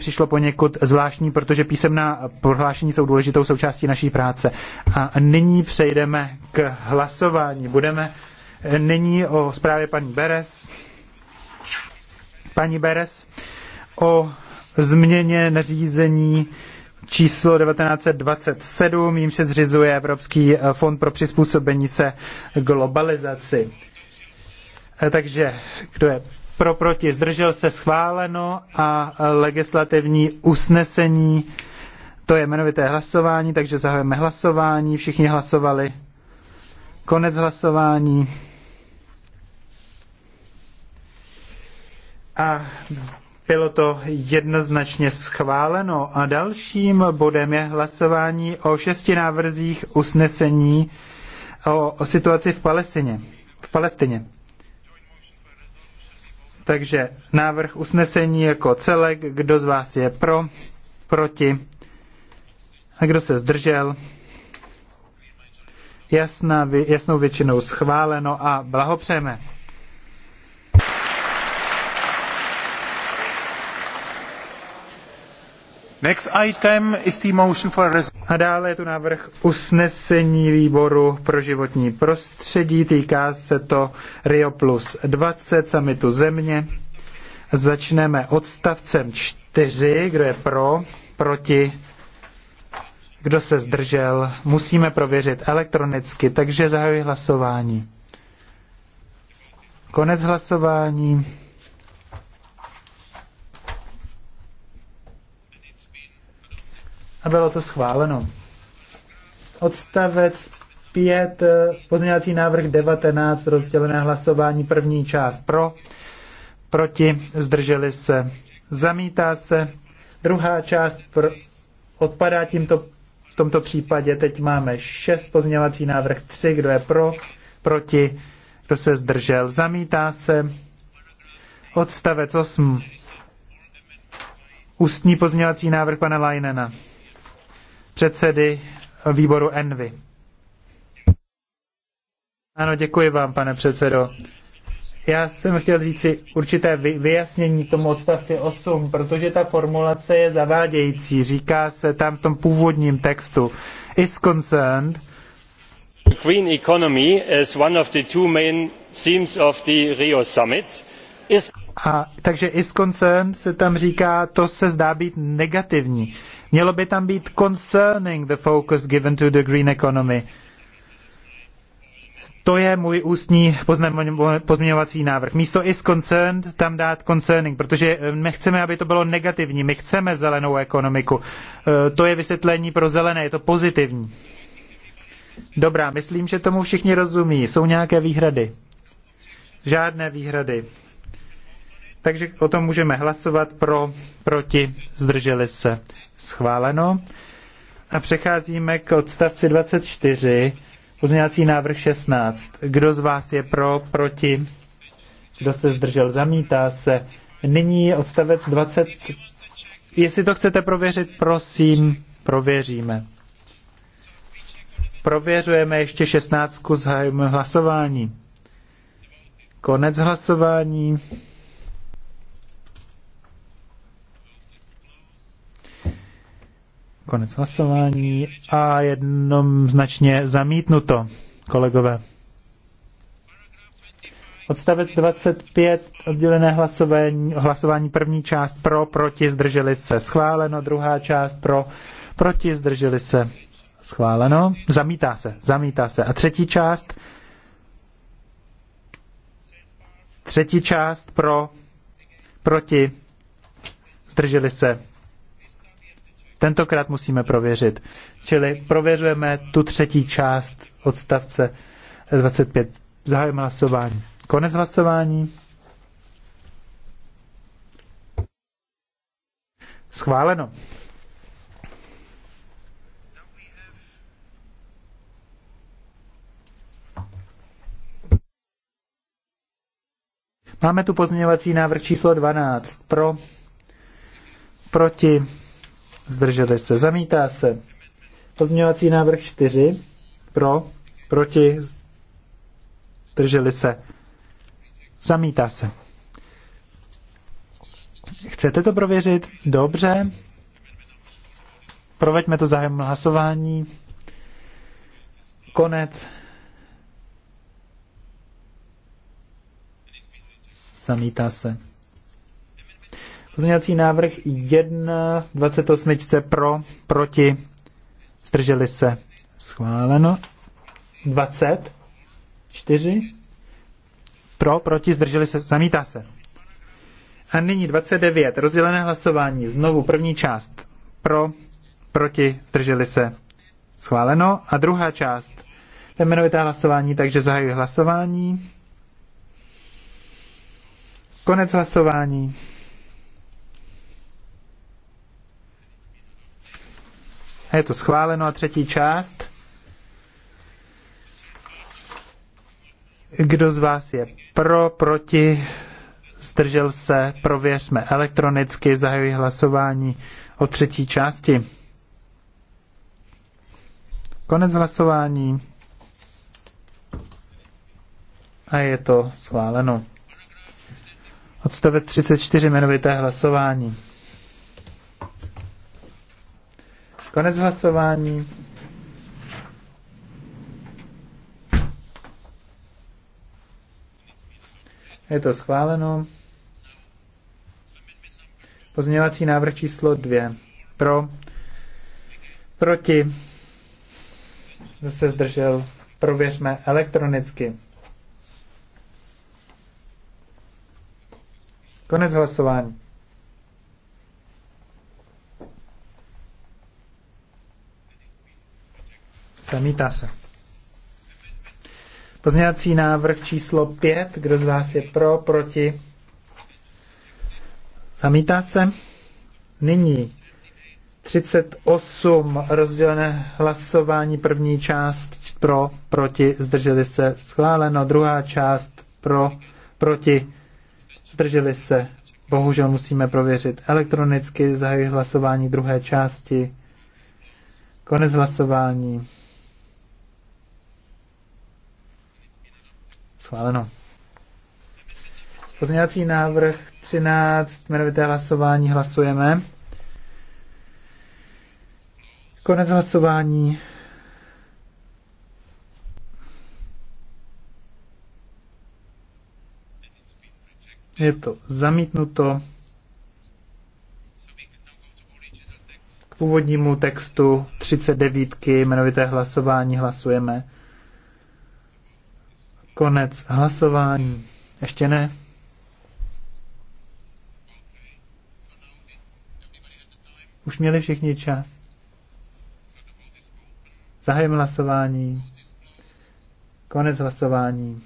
přišlo poněkud zvláštní, protože písemná prohlášení jsou důležitou součástí naší práce. A nyní přejdeme k hlasování. Budeme nyní o zprávě paní Beres. Paní Beres o změně nařízení číslo 1927, jim se zřizuje Evropský eh, fond pro přizpůsobení se globalizaci. Eh, takže kdo je pro, proti, zdržel se, schváleno a legislativní usnesení, to je jmenovité hlasování, takže zahajeme hlasování, všichni hlasovali. Konec hlasování. A bylo to jednoznačně schváleno. A dalším bodem je hlasování o šesti návrzích usnesení o, o situaci v Palestině. V Palestině. Takže návrh usnesení jako celek, kdo z vás je pro, proti a kdo se zdržel. Jasná, jasnou většinou schváleno a blahopřejeme. a dále je tu návrh usnesení výboru pro životní prostředí. Týká se to Rio plus 20 samitu země. Začneme odstavcem 4, kdo je pro, proti, kdo se zdržel. Musíme prověřit elektronicky, takže zahajuji hlasování. Konec hlasování. a bylo to schváleno. Odstavec 5, eh, pozměňovací návrh 19, rozdělené hlasování, první část pro, proti, zdrželi se, zamítá se, druhá část pro, odpadá tímto, v tomto případě, teď máme 6, pozměňovací návrh 3, kdo je pro, proti, kdo se zdržel, zamítá se, odstavec 8, ústní pozměňovací návrh pana Lajnena předsedy výboru Envy. Ano, děkuji vám, pane předsedo. Já jsem chtěl říci určité vyjasnění tomu odstavci 8, protože ta formulace je zavádějící. Říká se tam v tom původním textu is concerned The green economy is one of the two main themes of the Rio summit is a, takže is concerned se tam říká, to se zdá být negativní. Mělo by tam být concerning the focus given to the green economy. To je můj ústní pozměňovací návrh. Místo is concerned tam dát concerning, protože eh, my chceme, aby to bylo negativní. My chceme zelenou ekonomiku. Eh, to je vysvětlení pro zelené, je to pozitivní. Dobrá, myslím, že tomu všichni rozumí. Jsou nějaké výhrady? Žádné výhrady. Takže o tom můžeme hlasovat pro, proti, zdrželi se. Schváleno. A přecházíme k odstavci 24, pozměňovací návrh 16. Kdo z vás je pro, proti, kdo se zdržel, zamítá se. Nyní je odstavec 20. Jestli to chcete prověřit, prosím, prověříme. Prověřujeme ještě 16. Zahajujeme hlasování. Konec hlasování. Konec hlasování a jednoznačně zamítnuto, kolegové. Odstavec 25, oddělené hlasování, hlasování první část pro, proti, zdrželi se, schváleno, druhá část pro, proti, zdrželi se, schváleno, zamítá se, zamítá se. A třetí část, třetí část pro, proti, zdrželi se, tentokrát musíme prověřit. Čili prověřujeme tu třetí část odstavce 25. Zahajujeme hlasování. Konec hlasování. Schváleno. Máme tu pozměňovací návrh číslo 12. Pro, proti, zdrželi se, zamítá se. Pozměňovací návrh 4, pro, proti, zdrželi se, zamítá se. Chcete to prověřit? Dobře. Proveďme to zájem hlasování. Konec. Zamítá se. Pozměňovací návrh 1 28 pro, proti, zdrželi se, schváleno. 20, 4, pro, proti, zdrželi se, zamítá se. A nyní 29, rozdělené hlasování, znovu první část, pro, proti, zdrželi se, schváleno. A druhá část, to je jmenovité hlasování, takže zahajuji hlasování. Konec hlasování. A je to schváleno. A třetí část. Kdo z vás je pro, proti, zdržel se, prověřme elektronicky, zahajuji hlasování o třetí části. Konec hlasování. A je to schváleno. Odstavec 34 jmenovité hlasování. Konec hlasování. Je to schváleno. Pozměňovací návrh číslo dvě. Pro. Proti. Zase zdržel? Prověřme elektronicky. Konec hlasování. Zamítá se. Pozměňovací návrh číslo 5. Kdo z vás je pro, proti? Zamítá se. Nyní 38 rozdělené hlasování. První část pro, proti, zdrželi se, schváleno. Druhá část pro, proti, zdrželi se. Bohužel musíme prověřit elektronicky, zahajuji hlasování druhé části. Konec hlasování. Schváleno. Pozměňovací návrh 13, jmenovité hlasování, hlasujeme. Konec hlasování. Je to zamítnuto. K původnímu textu 39, jmenovité hlasování, hlasujeme. Konec hlasování. Ještě ne? Už měli všichni čas. Zahajím hlasování. Konec hlasování.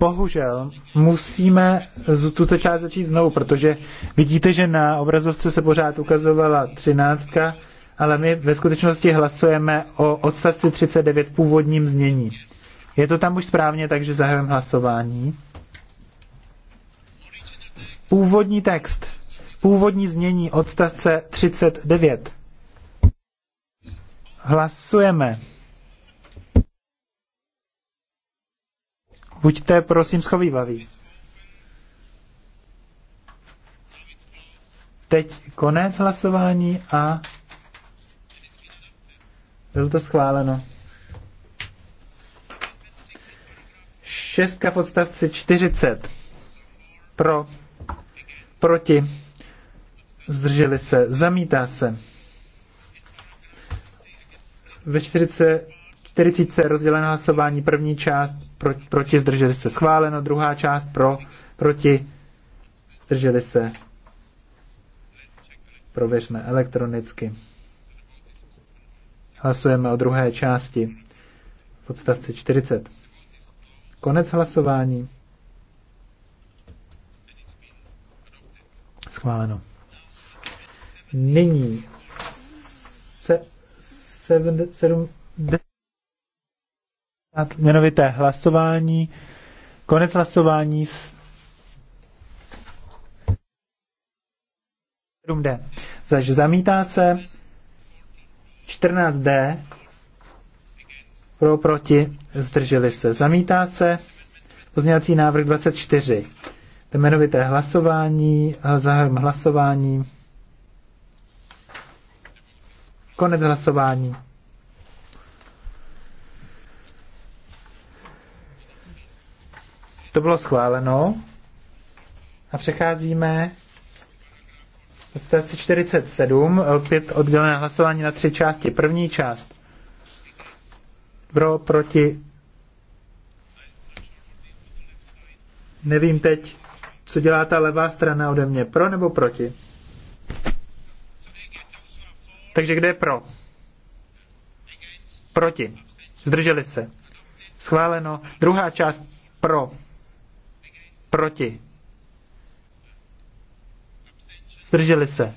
bohužel musíme tuto část začít znovu, protože vidíte, že na obrazovce se pořád ukazovala třináctka, ale my ve skutečnosti hlasujeme o odstavci 39 původním znění. Je to tam už správně, takže zahajujeme hlasování. Původní text. Původní znění odstavce 39. Hlasujeme. Buďte prosím schovývaví. Teď konec hlasování a bylo to schváleno. Šestka v odstavci 40. Pro. Proti. Zdrželi se. Zamítá se. Ve 40 40 rozdělené hlasování, první část pro, proti, zdrželi se schváleno, druhá část pro, proti, zdrželi se. Prověřme elektronicky. Hlasujeme o druhé části v odstavci 40. Konec hlasování. Schváleno. Nyní se, seven, sedm, jmenovité hlasování. Konec hlasování 7D. Zaž zamítá se 14D. Pro, proti, zdrželi se. Zamítá se pozměňovací návrh 24. To jmenovité hlasování, zahájím hlasování. Konec hlasování. To bylo schváleno. A přecházíme v 47, opět oddělené hlasování na tři části. První část pro, proti, nevím teď, co dělá ta levá strana ode mě, pro nebo proti? Takže kde je pro? Proti. Zdrželi se. Schváleno. Druhá část pro. Proti. Zdrželi se.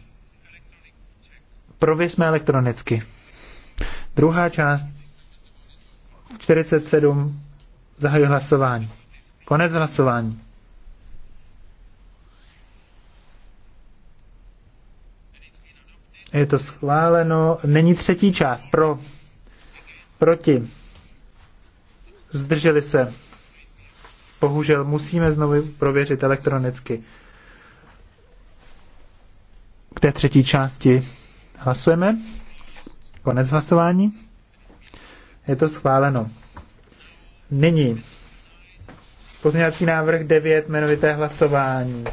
Prověřme elektronicky. Druhá část 47 zahajuji hlasování. Konec hlasování. Je to schváleno. Není třetí část. Pro. Proti. Zdrželi se bohužel musíme znovu prověřit elektronicky. K té třetí části hlasujeme. Konec hlasování. Je to schváleno. Nyní pozměňovací návrh 9, jmenovité hlasování.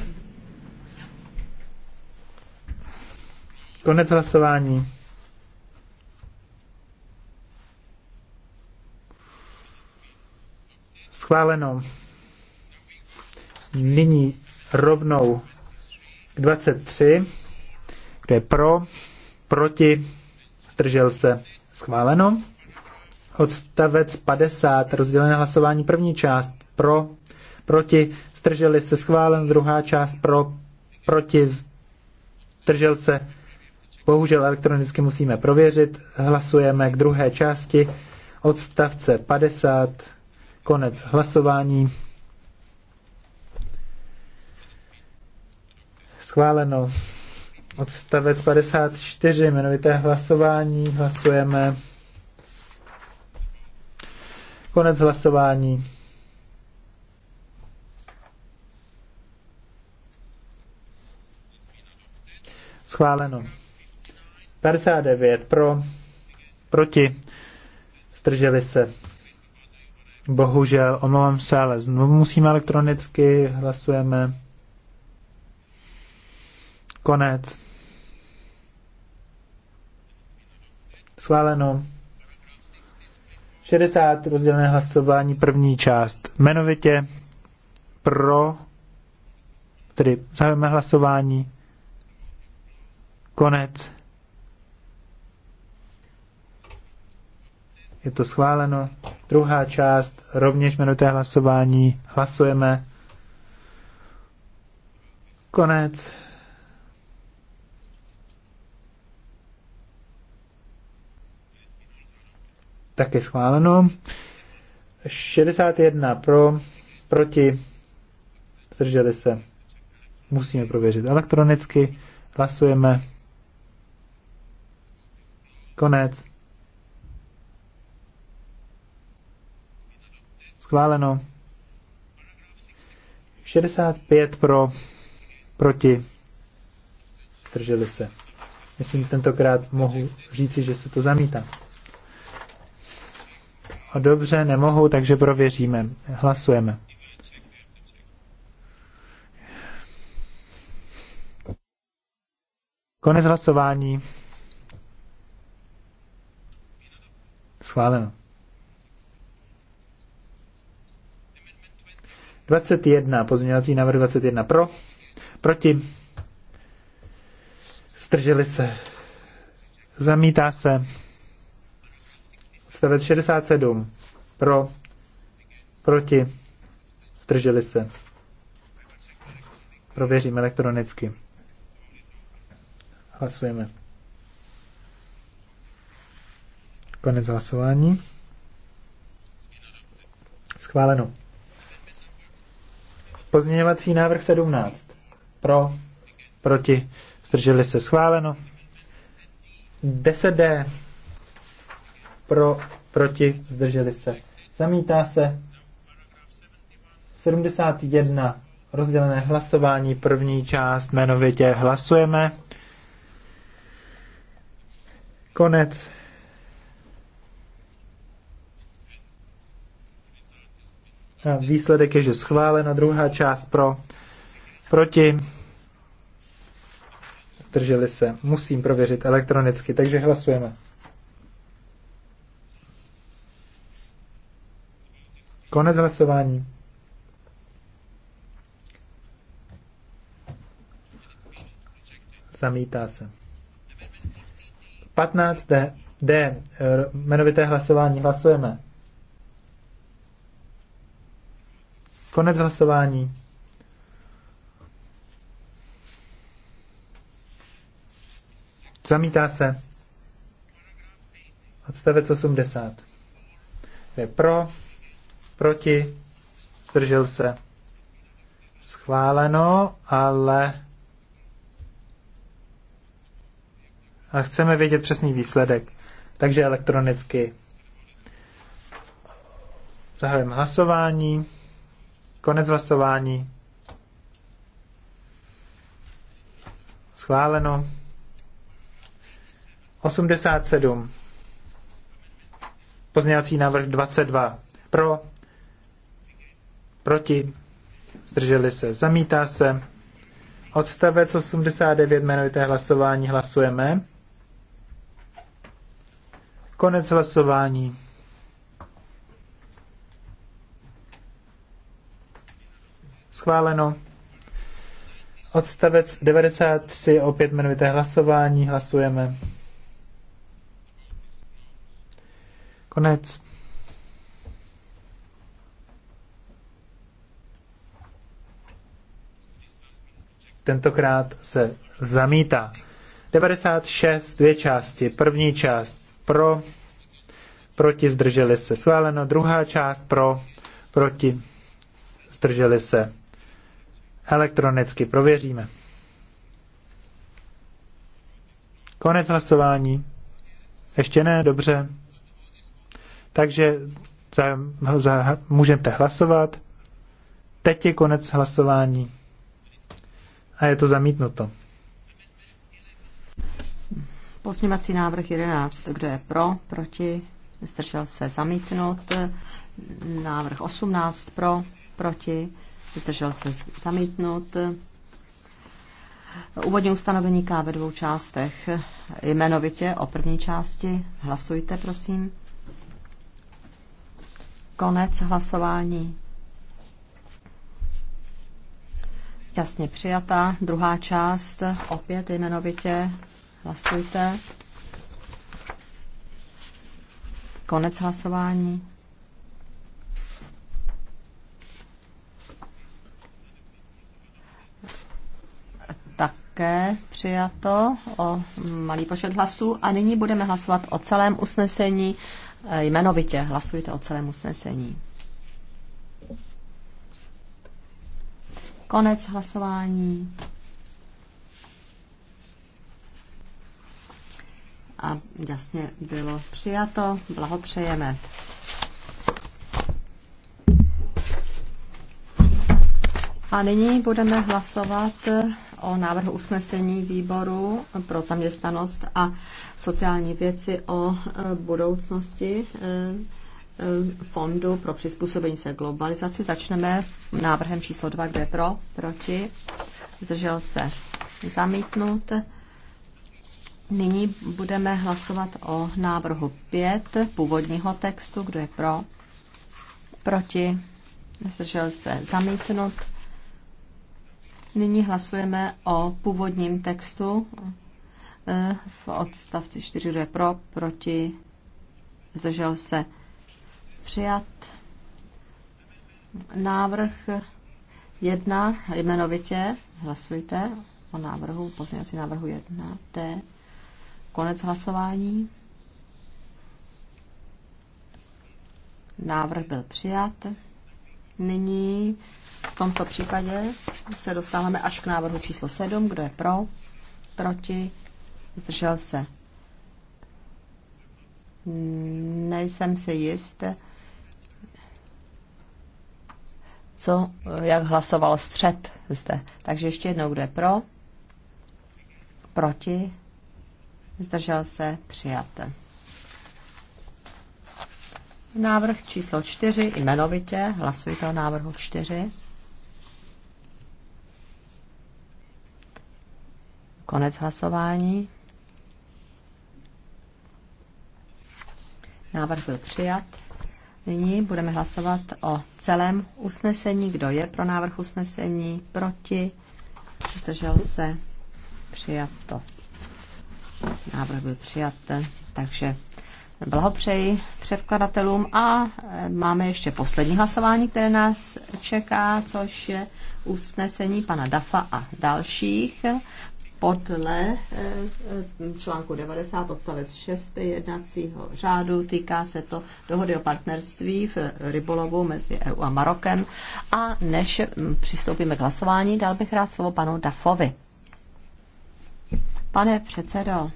Konec hlasování. Schváleno nyní rovnou 23. Kdo je pro, proti, zdržel se, schváleno. Odstavec 50, rozdělené hlasování, první část pro, proti, zdrželi se, schváleno, druhá část pro, proti, zdržel se, bohužel elektronicky musíme prověřit. Hlasujeme k druhé části odstavce 50, konec hlasování. Schváleno. Odstavec 54, jmenovité hlasování, hlasujeme. Konec hlasování. Schváleno. 59 pro, proti, strželi se. Bohužel, omlouvám se, ale znovu musíme elektronicky, hlasujeme. Konec. Schváleno. 60 rozdělené hlasování, první část. Jmenovitě pro, tedy zahajeme hlasování. Konec. Je to schváleno. Druhá část, rovněž jmenovité hlasování. Hlasujeme. Konec. Taky schváleno. 61 pro, proti, zdrželi se. Musíme prověřit elektronicky. Hlasujeme. Konec. Schváleno. 65 pro, proti, zdrželi se. Myslím, tentokrát mohu říci, že se to zamítá. Dobře, nemohu, takže prověříme. Hlasujeme. Konec hlasování. Schváleno. 21, pozměňovací návrh 21 pro, proti, strželi se, zamítá se, Odstavec 67. Pro. Proti. Zdrželi se. Prověřím elektronicky. Hlasujeme. Konec hlasování. Schváleno. Pozměňovací návrh 17. Pro, proti, zdrželi se schváleno. 10D pro, proti, zdrželi se. Zamítá se 71 rozdělené hlasování, první část, jmenovitě hlasujeme. Konec. A výsledek je, že schválena druhá část pro, proti, zdrželi se. Musím prověřit elektronicky, takže hlasujeme. Konec hlasování. Zamítá se. 15. D. Eh, jmenovité hlasování. Hlasujeme. Konec hlasování. Zamítá se. Odstavec 80. Je pro proti, zdržel se. Schváleno, ale... A chceme vědět přesný výsledek, takže elektronicky. Zahajujeme hlasování, konec hlasování. Schváleno. 87. Pozněvací návrh 22. Pro, proti, zdrželi se, zamítá se. Odstavec 89, jmenovité hlasování, hlasujeme. Konec hlasování. Schváleno. Odstavec 93, opět jmenovité hlasování, hlasujeme. Konec. tentokrát se zamítá. 96, dvě části. První část pro, proti zdrželi se schváleno, druhá část pro, proti zdrželi se elektronicky. Prověříme. Konec hlasování. Ještě ne, dobře. Takže za, za, můžete hlasovat. Teď je konec hlasování a je to zamítnuto. Pozměňovací návrh 11. Kdo je pro? Proti? Zdržel se zamítnout. Návrh 18. Pro? Proti? Zdržel se zamítnout. Úvodní ustanovení K ve dvou částech. Jmenovitě o první části. Hlasujte, prosím. Konec hlasování. Jasně přijatá. Druhá část, opět jmenovitě. Hlasujte. Konec hlasování. také přijato o malý počet hlasů. A nyní budeme hlasovat o celém usnesení eh, jmenovitě. Hlasujte o celém usnesení. Konec hlasování. A jasně bylo přijato. Blahopřejeme. A nyní budeme hlasovat o návrhu usnesení výboru pro zaměstnanost a sociální věci o e, budoucnosti e, Eh, fondu pro přizpůsobení se globalizaci. Začneme návrhem číslo 2, kde je pro, proti, zdržel se zamítnut. Nyní budeme hlasovat o návrhu 5 původního textu, kdo je pro, proti, zdržel se zamítnut. Nyní hlasujeme o původním textu eh, v odstavci 4, kdo je pro, proti, zdržel se přijat návrh jedna, jmenovitě. Hlasujte o návrhu, si návrhu jedna. d Konec hlasování. Návrh byl přijat. Nyní v tomto případě se dostáváme až k návrhu číslo 7. Kdo je pro? Proti? Zdržel se? Nejsem si jist. co, jak hlasoval střed zde. Takže ještě jednou, kdo je pro, proti, zdržel se, Přijate. Návrh číslo čtyři, jmenovitě, hlasujte o návrhu čtyři. Konec hlasování. Návrh byl přijat. Nyní budeme hlasovat o celém usnesení. Kdo je pro návrh usnesení? Proti? Zdržel se? Přijato. Návrh byl přijat, takže blahopřeji předkladatelům a e, máme ještě poslední hlasování, které nás čeká, což je usnesení pana Dafa a dalších podle eh, eh, článku 90 odstavec 6 jednacího řádu. Týká se to dohody o partnerství v rybolovu mezi EU a Marokem. A než hm, přistoupíme k hlasování, dal bych rád slovo panu Dafovi. Pane předsedo,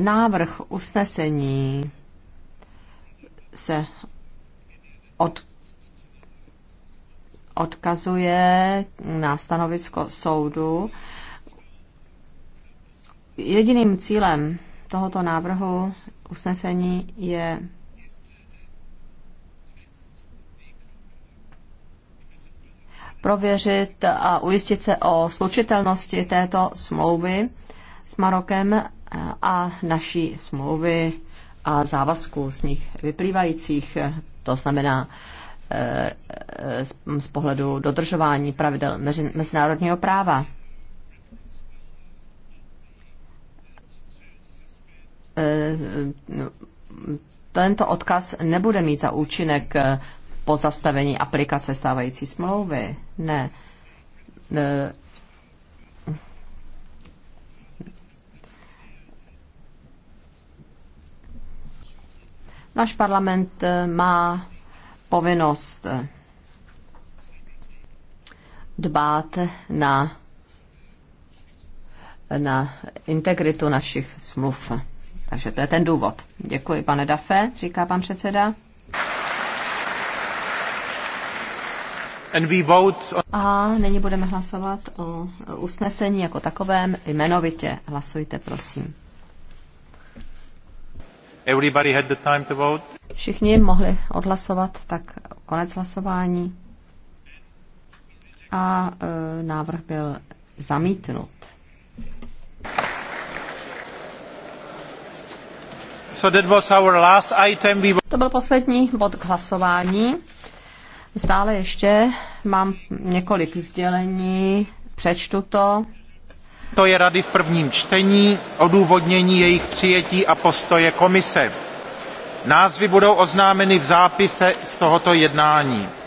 návrh usnesení se od odkazuje na stanovisko soudu. Jediným cílem tohoto návrhu usnesení je prověřit a ujistit se o slučitelnosti této smlouvy s Marokem a naší smlouvy a závazků z nich vyplývajících. To znamená z pohledu dodržování pravidel mezinárodního práva. E, tento odkaz nebude mít za účinek po zastavení aplikace stávající smlouvy. Ne. E, náš parlament má povinnost dbát na, na integritu našich smluv. Takže to je ten důvod. Děkuji, pane Dafe, říká pan předseda. A nyní budeme hlasovat o usnesení jako takovém jmenovitě. Hlasujte, prosím. Everybody had the time to vote? Všichni mohli odhlasovat, tak konec hlasování. A e, návrh byl zamítnut. So that was our last item. We... To byl poslední bod k hlasování. Stále ještě mám několik sdělení, přečtu to. To je rady v prvním čtení, odůvodnění jejich přijetí a postoje komise. Názvy budou oznámeny v zápise z tohoto jednání.